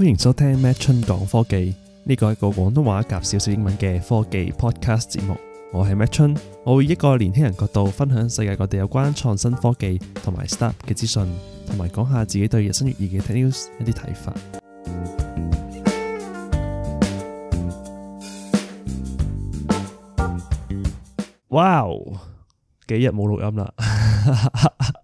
歡迎收聽麥春講科技，呢、這個係一個廣東話夾少少英文嘅科技 podcast 節目。我係麥春，我會一個年輕人角度分享世界各地有關創新科技同埋 startup 嘅資訊，同埋講下自己對日新月異嘅一啲睇法。哇哦，幾日冇錄音啦！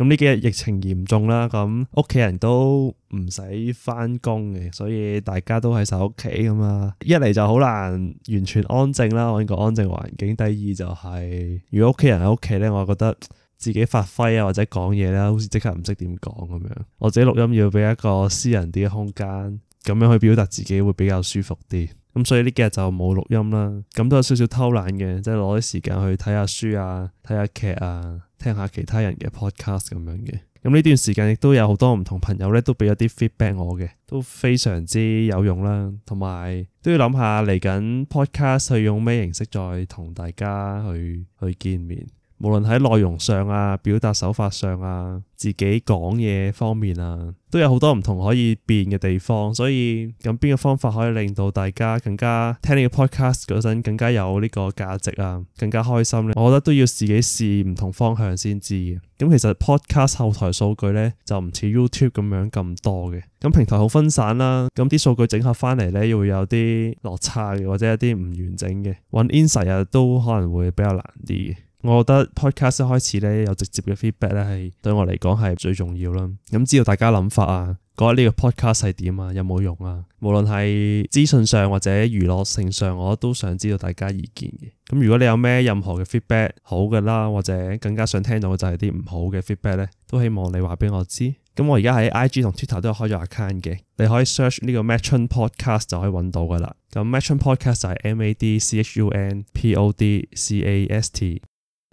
咁呢幾日疫情嚴重啦，咁屋企人都唔使翻工嘅，所以大家都喺晒屋企咁啊。一嚟就好難完全安靜啦，我呢個安靜環境。第二就係如果屋企人喺屋企咧，我覺得自己發揮啊或者講嘢啦，好似即刻唔識點講咁樣。我自己錄音要俾一個私人啲嘅空間，咁樣去表達自己會比較舒服啲。咁所以呢幾日就冇錄音啦。咁都有少少偷懶嘅，即係攞啲時間去睇下書啊，睇下劇啊。聽下其他人嘅 podcast 咁樣嘅，咁呢段時間亦都有好多唔同朋友咧，都俾咗啲 feedback 我嘅，都非常之有用啦。同埋都要諗下嚟緊 podcast 係用咩形式再同大家去去見面。無論喺內容上啊、表達手法上啊、自己講嘢方面啊，都有好多唔同可以變嘅地方。所以咁邊個方法可以令到大家更加聽呢個 podcast 嗰陣更加有呢個價值啊、更加開心呢？我覺得都要自己試唔同方向先知嘅。咁其實 podcast 後台數據呢，就唔似 YouTube 咁樣咁多嘅。咁平台好分散啦，咁啲數據整合翻嚟呢，又會有啲落差嘅，或者有一啲唔完整嘅，搵 insight 啊都可能會比較難啲嘅。我覺得 podcast 一開始咧有直接嘅 feedback 咧，係對我嚟講係最重要啦。咁知道大家諗法啊，覺得呢個 podcast 係點啊，有冇用啊？無論係資訊上或者娛樂性上，我都想知道大家意見嘅。咁如果你有咩任何嘅 feedback 好嘅啦，或者更加想聽到嘅，就係啲唔好嘅 feedback 咧，都希望你話俾我知。咁我而家喺 IG 同 Twitter 都有開咗 account 嘅，你可以 search 呢個 madchun podcast 就可以揾到噶啦。咁 madchun podcast 就係 m a d c h u n p o d c a s t。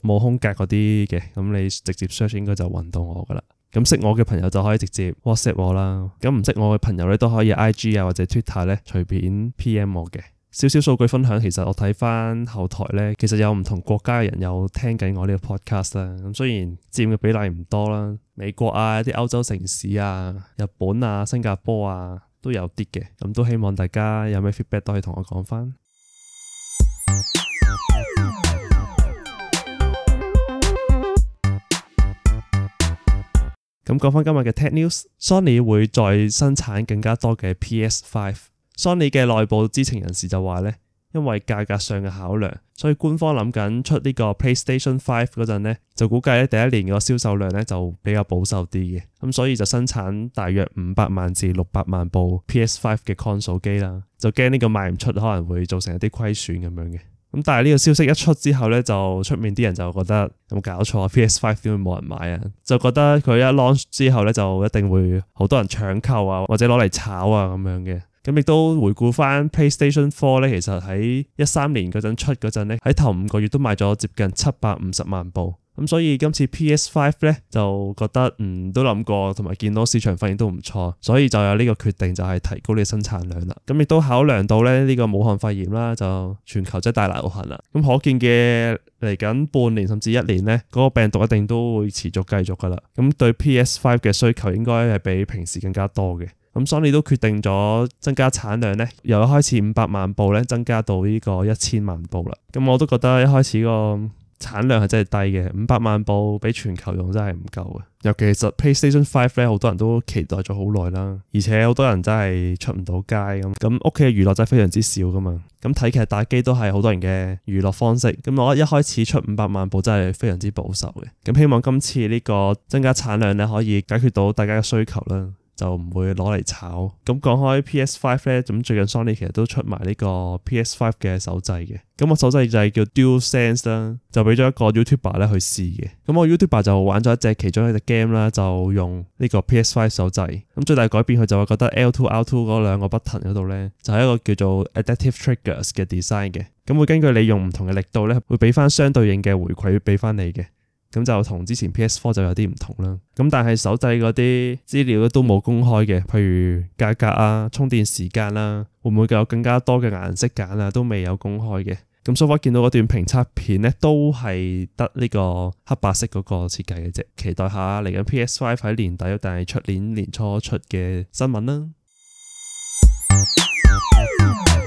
冇空格嗰啲嘅，咁你直接 search 應該就揾到我噶啦。咁識我嘅朋友就可以直接 WhatsApp 我啦。咁唔識我嘅朋友咧都可以 IG 啊或者 Twitter 咧隨便 PM 我嘅。少少數據分享，其實我睇翻後台呢，其實有唔同國家嘅人有聽緊我呢個 podcast 啦。咁雖然佔嘅比例唔多啦，美國啊、啲歐洲城市啊、日本啊、新加坡啊都有啲嘅。咁都希望大家有咩 feedback 都可以同我講翻。 咁講翻今日嘅 Tech News，Sony 會再生產更加多嘅 PS Five。Sony 嘅內部知情人士就話呢，因為價格上嘅考量，所以官方諗緊出呢個 PlayStation Five 嗰陣呢，就估計第一年個銷售量呢就比較保守啲嘅。咁所以就生產大約五百萬至六百萬部 PS Five 嘅 Console 機啦，就驚呢個賣唔出，可能會造成一啲虧損咁樣嘅。但係呢個消息一出之後呢，就出面啲人就覺得有冇搞錯啊？PS5 點會冇人買啊？就覺得佢一 launch 之後呢，就一定會好多人搶購啊，或者攞嚟炒啊，咁樣嘅。咁亦都回顧翻 PlayStation 4呢，其實喺一三年嗰陣出嗰陣呢，喺頭五個月都賣咗接近七百五十萬部。咁所以今次 PS5 咧就覺得嗯都諗過，同埋見到市場反應都唔錯，所以就有呢個決定就係、是、提高你生產量啦。咁亦都考量到咧呢、這個武漢肺炎啦，就全球即係大流行啦。咁可見嘅嚟緊半年甚至一年咧，嗰、那個病毒一定都會持續繼續噶啦。咁對 PS5 嘅需求應該係比平時更加多嘅。咁 Sony 都決定咗增加產量咧，由一開始五百萬部咧增加到呢個一千萬部啦。咁我都覺得一開始個產量係真係低嘅，五百萬部畀全球用真係唔夠嘅。尤其是 PlayStation Five 咧，好多人都期待咗好耐啦，而且好多人真係出唔到街咁，咁屋企嘅娛樂真係非常之少㗎嘛。咁睇劇打機都係好多人嘅娛樂方式。咁我一開始出五百萬部真係非常之保守嘅。咁希望今次呢個增加產量咧，可以解決到大家嘅需求啦。就唔會攞嚟炒。咁講開 PS5 咧，咁最近 Sony 其實都出埋呢個 PS5 嘅手掣嘅。咁個手掣就係叫 Dual Sense 啦，就俾咗一個 YouTuber 咧去試嘅。咁我 YouTuber 就玩咗一隻其中一隻 game 啦，就用呢個 PS5 手掣。咁最大改變佢就會覺得 L2、R2 嗰兩個 button 嗰度咧，就係一個叫做 Adaptive Triggers 嘅 design 嘅。咁會根據你用唔同嘅力度咧，會俾翻相對應嘅回饋俾翻你嘅。咁就同之前 PS4 就有啲唔同啦。咁但係手制嗰啲資料都冇公開嘅，譬如價格啊、充電時間啦、啊，會唔會有更加多嘅顏色揀啊，都未有公開嘅。咁所以話見到嗰段評測片呢，都係得呢個黑白色嗰個設計嘅啫。期待下嚟緊 PS5 喺年底，但係出年年初出嘅新聞啦。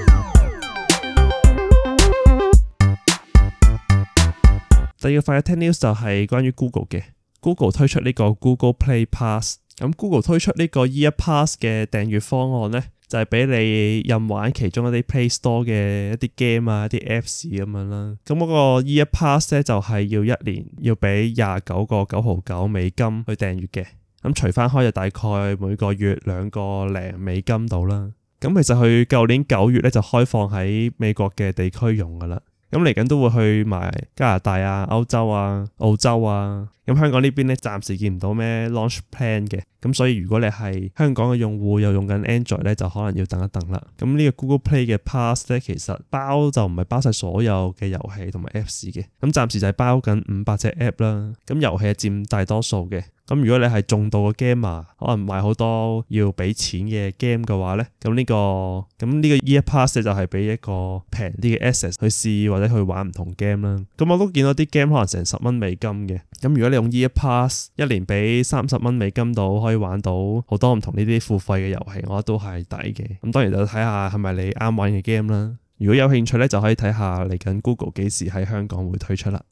第二個快嘅聽 news 就係關於 Google 嘅，Google 推出呢個 Google Play Pass，咁 Google 推出呢個 Year Pass 嘅訂閱方案呢，就係、是、俾你任玩其中一啲 Play Store 嘅一啲 game 啊、一啲 Apps 咁、啊、樣啦。咁、那、嗰個 Year Pass 呢，就係要一年要俾廿九個九毫九美金去訂閱嘅，咁除翻開就大概每個月兩個零美金到啦。咁其實佢舊年九月呢，就開放喺美國嘅地區用噶啦。咁嚟緊都會去埋加拿大啊、歐洲啊、澳洲啊。咁香港呢邊咧，暫時見唔到咩 launch plan 嘅，咁所以如果你係香港嘅用戶，又用緊 Android 咧，就可能要等一等啦。咁呢個 Google Play 嘅 Pass 咧，其實包就唔係包晒所有嘅遊戲同埋 Apps 嘅，咁暫時就係包緊五百隻 App 啦。咁遊戲係佔大多數嘅，咁如果你係重度嘅 gamer，可能買好多要俾錢嘅 game 嘅話咧，咁、呢個、呢個咁呢個 e pass 就係俾一個平啲嘅 access 去試或者去玩唔同 game 啦。咁我都見到啲 game 可能成十蚊美金嘅，咁如果你用一 p a u s Plus，一年俾三十蚊美金到，可以玩到好多唔同呢啲付費嘅遊戲，我覺得都係抵嘅。咁當然就睇下係咪你啱玩嘅 game 啦。如果有興趣呢，就可以睇下嚟緊 Google 幾時喺香港會推出啦。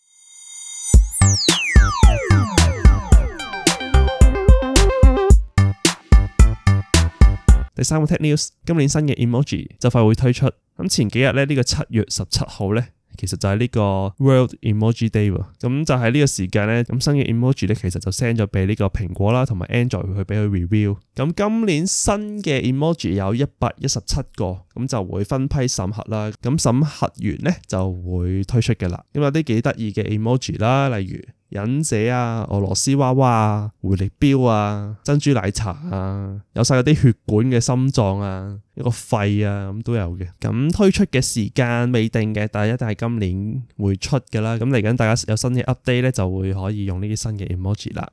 第三個 Tech News，今年新嘅 Emoji 就快會推出。咁前幾呢、這個、日呢，呢個七月十七號呢。其實就係呢個 World Emoji Day 喎，咁就喺呢個時間咧，咁新嘅 Emoji 咧其實就 send 咗俾呢個蘋果啦，同埋 Android 去俾佢 review。咁今年新嘅 Emoji 有一百一十七個，咁就會分批審核啦。咁審核完咧就會推出嘅啦。咁有啲幾得意嘅 Emoji 啦，例如～忍者啊，俄羅斯娃娃啊，回力鏢啊，珍珠奶茶啊，有晒嗰啲血管嘅心臟啊，一個肺啊，咁都有嘅。咁推出嘅時間未定嘅，但係一定係今年會出噶啦。咁嚟緊大家有新嘅 update 咧，就會可以用呢啲新嘅 emoji 啦。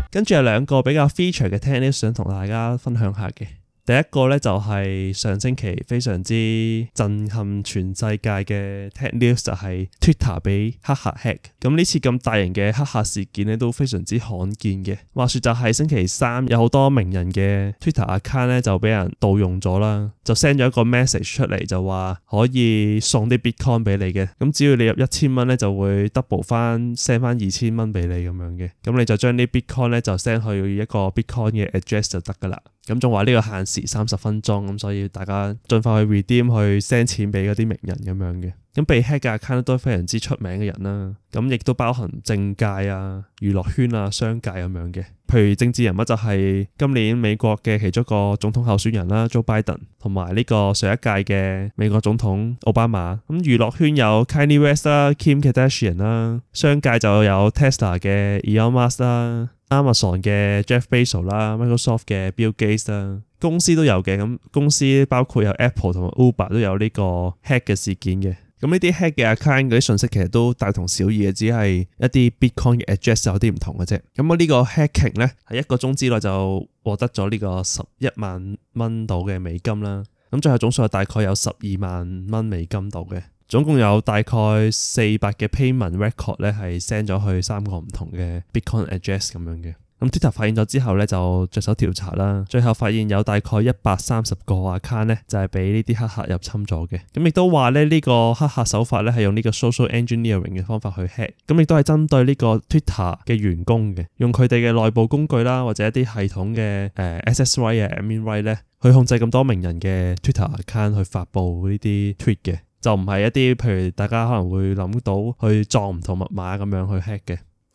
嗯、跟住有兩個比較 feature 嘅 tennis 想同大家分享下嘅。第一個咧就係上星期非常之震撼全世界嘅 Tech News 就係 Twitter 俾黑客 hack，咁呢次咁大型嘅黑客事件咧都非常之罕見嘅。話説就係星期三有好多名人嘅 Twitter account 咧就俾人盜用咗啦，就 send 咗一個 message 出嚟就話可以送啲 Bitcoin 俾你嘅，咁只要你入一千蚊咧就會 double 翻 send 翻二千蚊俾你咁樣嘅，咁你就將啲 Bitcoin 咧就 send 去一個 Bitcoin 嘅 address 就得㗎啦。咁仲話呢個限三十分鐘，咁，所以大家盡快去 redeem 去 send 錢俾嗰啲名人咁樣嘅。咁被 hack 嘅 account 都係非常之出名嘅人啦、啊。咁亦都包含政界啊、娛樂圈啊、商界咁樣嘅。譬如政治人物就係今年美國嘅其中一個總統候選人啦、啊、Joe Biden，同埋呢個上一屆嘅美國總統奧巴馬。咁娛樂圈有 Kanye West 啦、啊、Kim Kardashian 啦、啊；商界就有 Tesla 嘅 Elon Musk 啦、啊、Amazon 嘅 Jeff Bezos 啦、啊、Microsoft 嘅 Bill Gates 啦、啊。公司都有嘅。咁公司包括有 Apple 同埋 Uber 都有呢個 hack 嘅事件嘅。咁呢啲 hack 嘅 account 嗰啲信息其實都大同小異嘅，只係一啲 bitcoin 嘅 address 有啲唔同嘅啫。咁我呢個 hacking 咧，喺一個鐘之內就獲得咗呢個十一萬蚊到嘅美金啦。咁最後總數大概有十二萬蚊美金到嘅，總共有大概四百嘅 payment record 咧係 send 咗去三個唔同嘅 bitcoin address 咁樣嘅。咁 Twitter 發現咗之後咧，就着手調查啦。最後發現有大概一百三十個 account 咧，就係俾呢啲黑客入侵咗嘅。咁亦都話咧，呢個黑客手法咧係用呢個 social engineering 嘅方法去 hack。咁亦都係針對呢個 Twitter 嘅員工嘅，用佢哋嘅內部工具啦，或者一啲系統嘅誒 access 啊、呃、right, Admin Right 咧，去控制咁多名人嘅 Twitter account 去發布呢啲 tweet 嘅，就唔係一啲譬如大家可能會諗到去撞唔同密碼咁樣去 hack 嘅。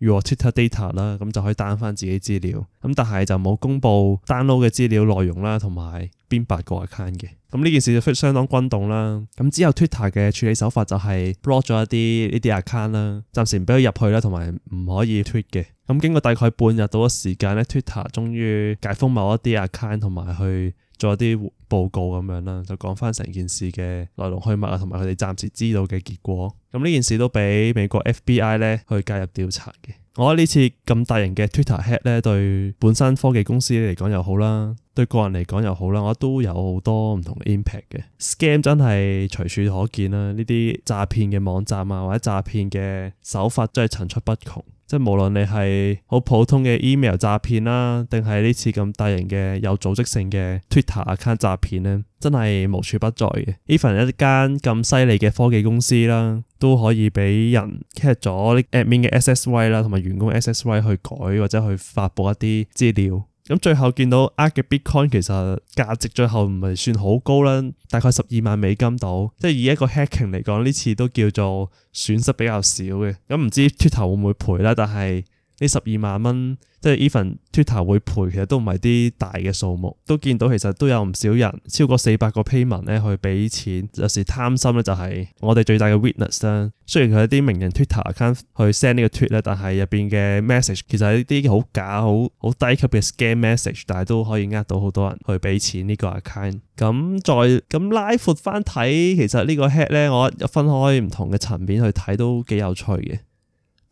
Your Twitter data 啦，咁就可以 down 翻自己資料，咁但係就冇公布 download 嘅資料內容啦，同埋邊八個 account 嘅。咁呢件事就相相當轟動啦。咁之後 Twitter 嘅處理手法就係 block 咗一啲呢啲 account 啦，暫時唔俾佢入去啦，同埋唔可以 tweet 嘅。咁經過大概半日到嘅時間咧，Twitter 終於解封某一啲 account 同埋去。做一啲報告咁樣啦，就講翻成件事嘅來龍去脈啊，同埋佢哋暫時知道嘅結果。咁呢件事都俾美國 FBI 咧去介入調查嘅。我覺得呢次咁大型嘅 Twitter hack 咧，對本身科技公司嚟講又好啦，對個人嚟講又好啦，我都有好多唔同 impact 嘅。Scam 真係隨處可見啦，呢啲詐騙嘅網站啊，或者詐騙嘅手法真係層出不窮。即係無論你係好普通嘅 email 詐騙啦，定係呢次咁大型嘅有組織性嘅 Twitter account 詐騙咧，真係無處不在嘅。Even 一間咁犀利嘅科技公司啦，都可以俾人 catch 咗啲 admin 嘅 SSY 啦，同埋員工 SSY 去改或者去發布一啲資料。咁最後見到呃嘅 Bitcoin 其實價值最後唔係算好高啦，大概十二萬美金到，即係以一個 hacking 嚟講呢次都叫做損失比較少嘅，咁唔知 Twitter 會唔會賠啦，但係。呢十二萬蚊，即係 even Twitter 會賠，其實都唔係啲大嘅數目。都見到其實都有唔少人超過四百個 payment 咧，去俾錢。有時貪心咧，就係我哋最大嘅 weakness 啦。雖然佢有啲名人 Twitter account 去 send 呢個 tweet 咧，但係入邊嘅 message 其實係啲好假、好好低級嘅 scam message，但係都可以呃到好多人去俾錢呢個 account。咁再咁拉闊翻睇，其實個 head 呢個 hack 咧，我分開唔同嘅層面去睇都幾有趣嘅。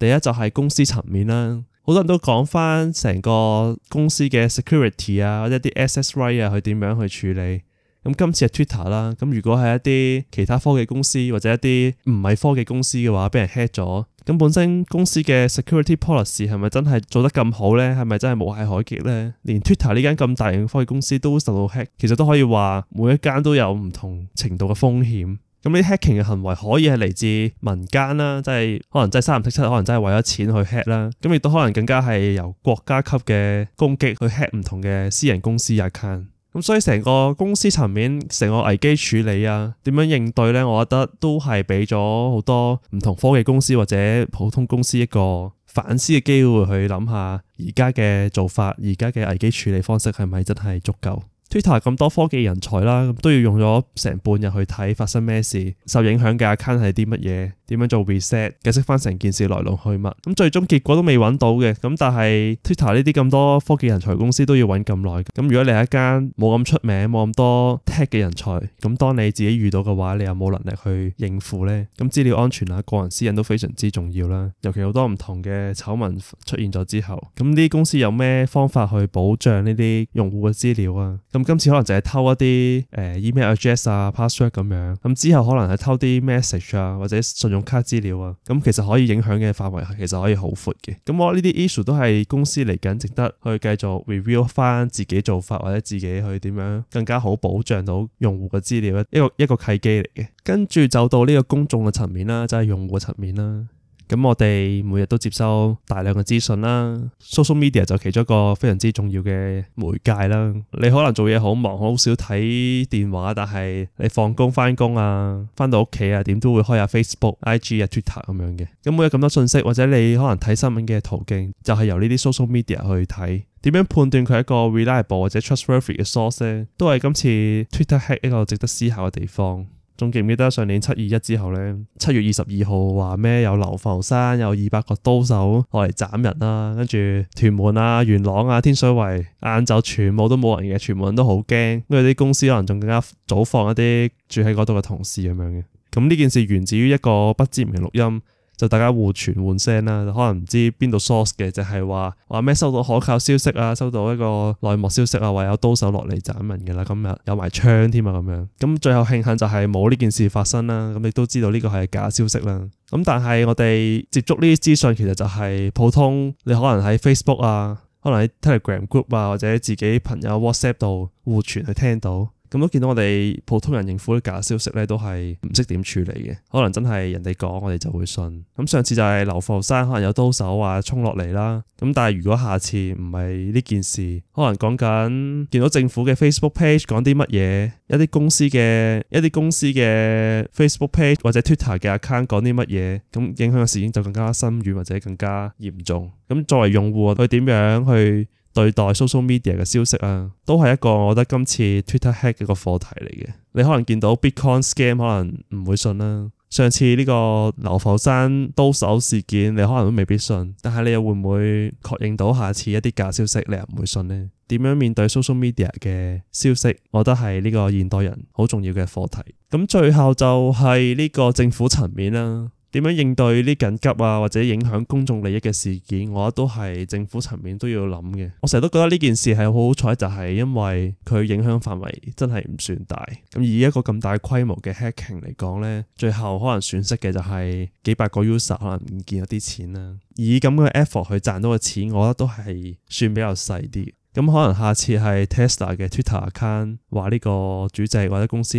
第一就係公司層面啦，好多人都講翻成個公司嘅 security 啊，或者啲 access right 啊，佢點樣去處理？咁今次係 Twitter 啦，咁如果係一啲其他科技公司或者一啲唔係科技公司嘅話，俾人 hack 咗，咁本身公司嘅 security policy 係咪真係做得咁好呢？係咪真係無懈可擊呢？連 Twitter 呢間咁大型嘅科技公司都受到 hack，其實都可以話每一間都有唔同程度嘅風險。咁呢啲 hacking 嘅行為可以係嚟自民間啦，即係可能真係三唔識七，可能真係為咗錢去 hack 啦。咁亦都可能更加係由國家級嘅攻擊去 hack 唔同嘅私人公司 account。咁所以成個公司層面，成個危機處理啊，點樣應對咧？我覺得都係俾咗好多唔同科技公司或者普通公司一個反思嘅機會，去諗下而家嘅做法，而家嘅危機處理方式係咪真係足夠？Twitter 咁多科技人才啦，都要用咗成半日去睇發生咩事，受影響嘅 account 係啲乜嘢，點樣做 reset，解釋翻成件事來龍去脈。咁最終結果都未揾到嘅，咁但係 Twitter 呢啲咁多科技人才公司都要揾咁耐。咁如果你係一間冇咁出名、冇咁多 tag 嘅人才，咁當你自己遇到嘅話，你有冇能力去應付呢？咁資料安全啊、個人私隱都非常之重要啦、啊。尤其好多唔同嘅醜聞出現咗之後，咁呢啲公司有咩方法去保障呢啲用戶嘅資料啊？今次可能淨係偷一啲誒、呃、email address 啊 password 咁樣，咁之後可能係偷啲 message 啊或者信用卡資料啊，咁其實可以影響嘅範圍其實可以好闊嘅。咁我覺得呢啲 issue 都係公司嚟緊，值得去繼續 review 翻自己做法或者自己去點樣更加好保障到用戶嘅資料，一個一個契機嚟嘅。跟住走到呢個公眾嘅層面啦，就係、是、用戶嘅層面啦。咁我哋每日都接收大量嘅資訊啦，social media 就其中一個非常之重要嘅媒介啦。你可能做嘢好忙，好少睇電話，但係你放工翻工啊，翻到屋企啊，點都會開下、啊、Facebook、IG 啊、Twitter 咁樣嘅。咁每日咁多信息，或者你可能睇新聞嘅途徑，就係、是、由呢啲 social media 去睇。點樣判斷佢係一個 reliable 或者 trustworthy 嘅 source，都係今次 Twitter hack 一個值得思考嘅地方。仲記唔記得上年七二一之後咧？七月二十二號話咩？有流浮山有二百個刀手落嚟斬人啦、啊，跟住屯門啊、元朗啊、天水圍，晏晝全部都冇人嘅，全部人都好驚，因為啲公司可能仲更加早放一啲住喺嗰度嘅同事咁樣嘅。咁呢件事源自於一個不知名錄音。就大家互傳換聲啦，可能唔知邊度 source 嘅，就係話話咩收到可靠消息啊，收到一個內幕消息啊，話有刀手落嚟斬人嘅啦，今日有埋槍添啊，咁樣咁最後慶幸就係冇呢件事發生啦。咁你都知道呢個係假消息啦。咁但係我哋接觸呢啲資訊，其實就係普通你可能喺 Facebook 啊，可能喺 Telegram group 啊，或者自己朋友 WhatsApp 度互傳去聽到。咁都見到我哋普通人應付啲假消息咧，都係唔識點處理嘅。可能真係人哋講，我哋就會信。咁上次就係流浮山可能有刀手話衝落嚟啦。咁但係如果下次唔係呢件事，可能講緊見到政府嘅 Facebook page 講啲乜嘢，一啲公司嘅一啲公司嘅 Facebook page 或者 Twitter 嘅 account 講啲乜嘢，咁影響嘅事件就更加深遠或者更加嚴重。咁作為用戶，佢點樣去對待 social media 嘅消息啊，都係一個我覺得今次 Twitter hack 嘅一個課題嚟嘅。你可能見到 Bitcoin scam 可能唔會信啦，上次呢個流浮山刀手事件，你可能都未必信。但係你又會唔會確認到下次一啲假消息你又唔會信呢？點樣面對 social media 嘅消息，我覺得係呢個現代人好重要嘅課題。咁最後就係呢個政府層面啦。點樣應對呢，緊急啊或者影響公眾利益嘅事件，我覺得都係政府層面都要諗嘅。我成日都覺得呢件事係好好彩，就係因為佢影響範圍真係唔算大。咁以一個咁大規模嘅 hacking 嚟講呢，最後可能損失嘅就係幾百個 user 可能唔見咗啲錢啦。以咁嘅 effort 去賺到嘅錢，我覺得都係算比較細啲。咁可能下次係 Tesla 嘅 Twitter account 話呢個主席或者公司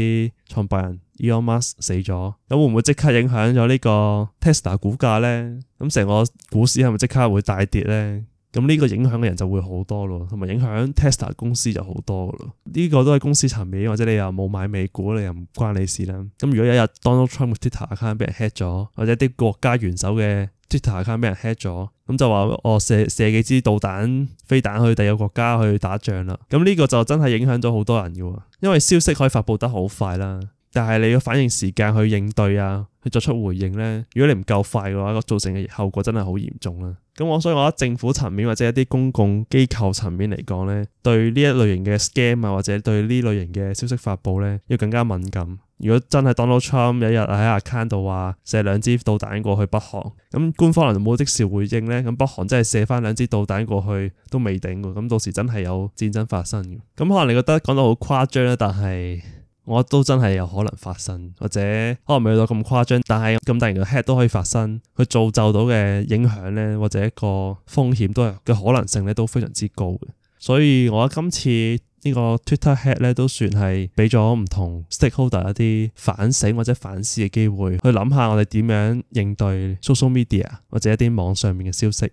創辦人 Elon Musk 死咗，咁會唔會即刻影響咗呢個 Tesla 股價咧？咁成個股市係咪即刻會大跌咧？咁呢個影響嘅人就會好多咯，同埋影響 Tesla 公司就好多噶咯。呢個都係公司層面，或者你又冇買美股，你又唔關你事啦。咁如果有一日 Donald Trump 嘅 Twitter account 俾人 hack 咗，或者啲國家元首嘅，Twitter account 俾人 hack 咗，咁就話我射射幾支導彈飛彈去第二個國家去打仗啦，咁呢個就真係影響咗好多人噶喎，因為消息可以發佈得好快啦，但係你要反應時間去應對啊。去作出回應咧，如果你唔夠快嘅話，這個、造成嘅後果真係好嚴重啦。咁我所以我覺得政府層面或者一啲公共機構層面嚟講咧，對呢一類型嘅 scam 啊，或者對呢類型嘅消息發布咧，要更加敏感。如果真係 Donald Trump 有一日喺 account 度話射兩支導彈過去北韓，咁官方就冇即時回應咧，咁北韓真係射翻兩支導彈過去都未頂㗎，咁到時真係有戰爭發生嘅。咁可能你覺得講到好誇張啦，但係我都真係有可能發生，或者可能未到咁誇張，但係咁大型嘅 hack 都可以發生，佢造就到嘅影響呢，或者一個風險都係嘅可能性呢都非常之高嘅。所以我今次呢個 Twitter hack 呢，都算係俾咗唔同 stakeholder 一啲反省或者反思嘅機會，去諗下我哋點樣應對 social media 或者一啲網上面嘅消息。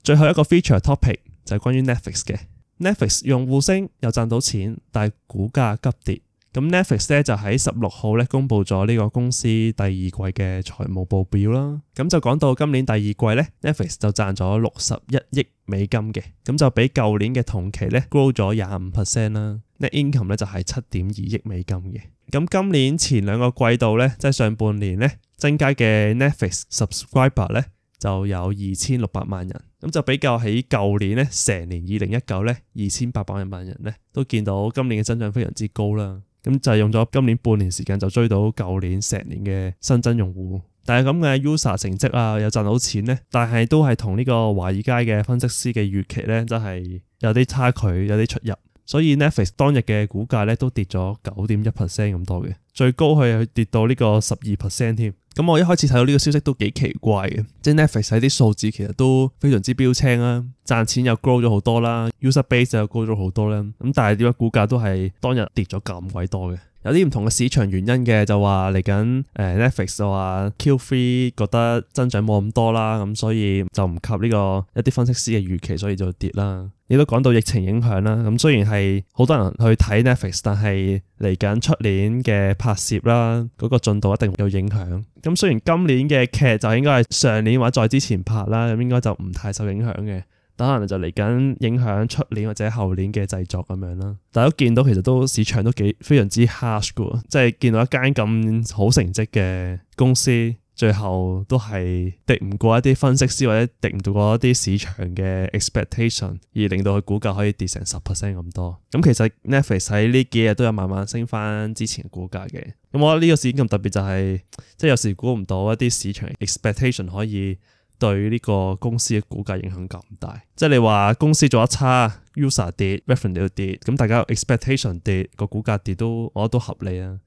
最後一個 feature topic 就係關於 Netflix 嘅。Netflix 用戶升又賺到錢，但係股價急跌。咁 Netflix 咧就喺十六號咧公佈咗呢個公司第二季嘅財務報表啦。咁就講到今年第二季咧，Netflix 就賺咗六十一億美金嘅，咁就比舊年嘅同期咧高咗廿五 percent 啦。Net income 咧就係七點二億美金嘅。咁今年前兩個季度咧，即係上半年咧，增加嘅 Netflix subscriber 咧就有二千六百萬人。咁就比較起舊年呢，成年二零一九呢，二千八百萬人呢，都見到今年嘅增長非常之高啦。咁就用咗今年半年時間就追到舊年成年嘅新增用戶，但係咁嘅 user 成績啊，又賺到錢呢，但係都係同呢個華爾街嘅分析師嘅預期呢，真係有啲差距，有啲出入。所以 Netflix 當日嘅股價咧都跌咗九點一 percent 咁多嘅，最高佢跌到呢個十二 percent 添。咁、嗯、我一開始睇到呢個消息都幾奇怪嘅，即、就、係、是、Netflix 喺啲數字其實都非常之標青啦，啊，賺錢又高咗好多啦，啊，user base 又高咗好多啦，啊。咁但係點解股價都係當日跌咗咁鬼多嘅。有啲唔同嘅市場原因嘅，就話嚟緊誒 Netflix 就話 Q3 覺得增長冇咁多啦，啊，咁、嗯、所以就唔及呢個一啲分析師嘅預期，所以就跌啦。亦都講到疫情影響啦，咁雖然係好多人去睇 Netflix，但係嚟緊出年嘅拍攝啦，嗰個進度一定有影響。咁雖然今年嘅劇就應該係上年或者再之前拍啦，咁應該就唔太受影響嘅。但可能就嚟緊影響出年或者後年嘅製作咁樣啦。大家都見到其實都市場都幾非常之 harsh 嘅，即係見到一間咁好成績嘅公司。最後都係敵唔過一啲分析師，或者敵唔到過一啲市場嘅 expectation，而令到佢股價可以跌成十 percent 咁多。咁其實 Netflix 喺呢幾日都有慢慢升翻之前股價嘅。咁我覺得呢個事件咁特別就係，即係有時估唔到一啲市場 expectation 可以對呢個公司嘅股價影響咁大。即係你話公司做得差，user 跌，revenue 跌，咁大家 expectation 跌，個股價跌都，我覺得都合理啊。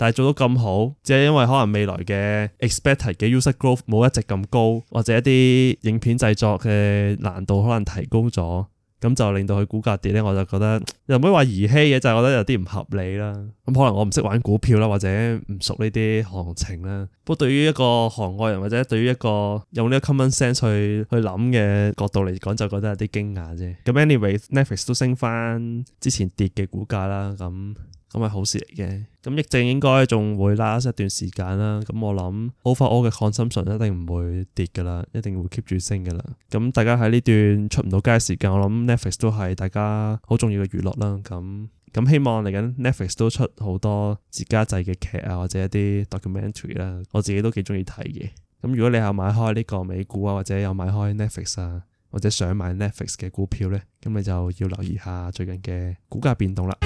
但係做到咁好，只係因為可能未來嘅 expected 嘅 user growth 冇一直咁高，或者一啲影片製作嘅難度可能提高咗，咁就令到佢股價跌咧。我就覺得又唔可以話兒戲嘅，就係覺得有啲唔合理啦。咁可能我唔識玩股票啦，或者唔熟呢啲行情啦。不過對於一個行外人或者對於一個用呢個 common sense 去去諗嘅角度嚟講，就覺得有啲驚訝啫。咁 anyway，Netflix 都升翻之前跌嘅股價啦。咁咁係好事嚟嘅，咁疫症應該仲會拉出一段時間啦。咁我諗 Overall 嘅 consumption 一定唔會跌噶啦，一定會 keep 住升噶啦。咁大家喺呢段出唔到街時間，我諗 Netflix 都係大家好重要嘅娛樂啦。咁咁希望嚟緊 Netflix 都出好多自家製嘅劇啊，或者一啲 documentary 啦、啊。我自己都幾中意睇嘅。咁如果你有買開呢個美股啊，或者有買開 Netflix 啊，或者想買 Netflix 嘅股票呢，咁你就要留意下最近嘅股價變動啦。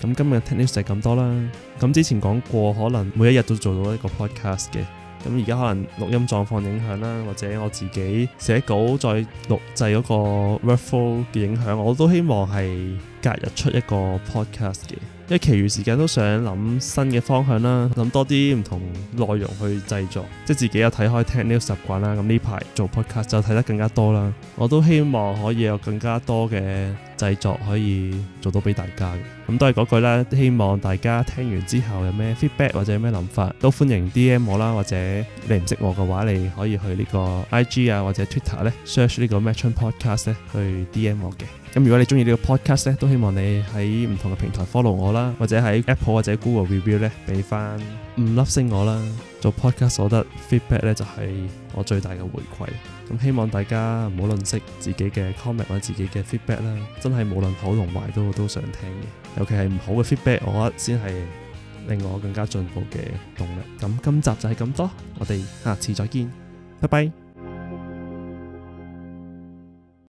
咁今日嘅 tech news 就係咁多啦。咁之前講過，可能每一日都做到一個 podcast 嘅。咁而家可能錄音狀況影響啦，或者我自己寫稿再錄製嗰個 workflow 嘅影響，我都希望係隔日出一個 podcast 嘅。因為其餘時間都想諗新嘅方向啦，諗多啲唔同內容去製作，即係自己有睇開 tech news 習慣啦。咁呢排做 podcast 就睇得更加多啦。我都希望可以有更加多嘅。製作可以做到俾大家嘅，咁都係嗰句啦，希望大家聽完之後有咩 feedback 或者有咩諗法，都歡迎 DM 我啦，或者你唔識我嘅話，你可以去呢個 IG 啊或者 Twitter 咧 search 個呢個 Macron Podcast 咧去 DM 我嘅。咁如果你中意呢個 podcast 咧，都希望你喺唔同嘅平台 follow 我啦，或者喺 Apple 或者 Google Review 咧俾翻五粒星我啦，做 podcast 所得 feedback 咧就係、是、～我最大嘅回饋，咁，希望大家唔好吝嗇自己嘅 comment 或者自己嘅 feedback 啦。真係無論好同壞都都想聽嘅，尤其係唔好嘅 feedback，我覺得先係令我更加進步嘅動力。咁今集就係咁多，我哋下次再見，拜拜。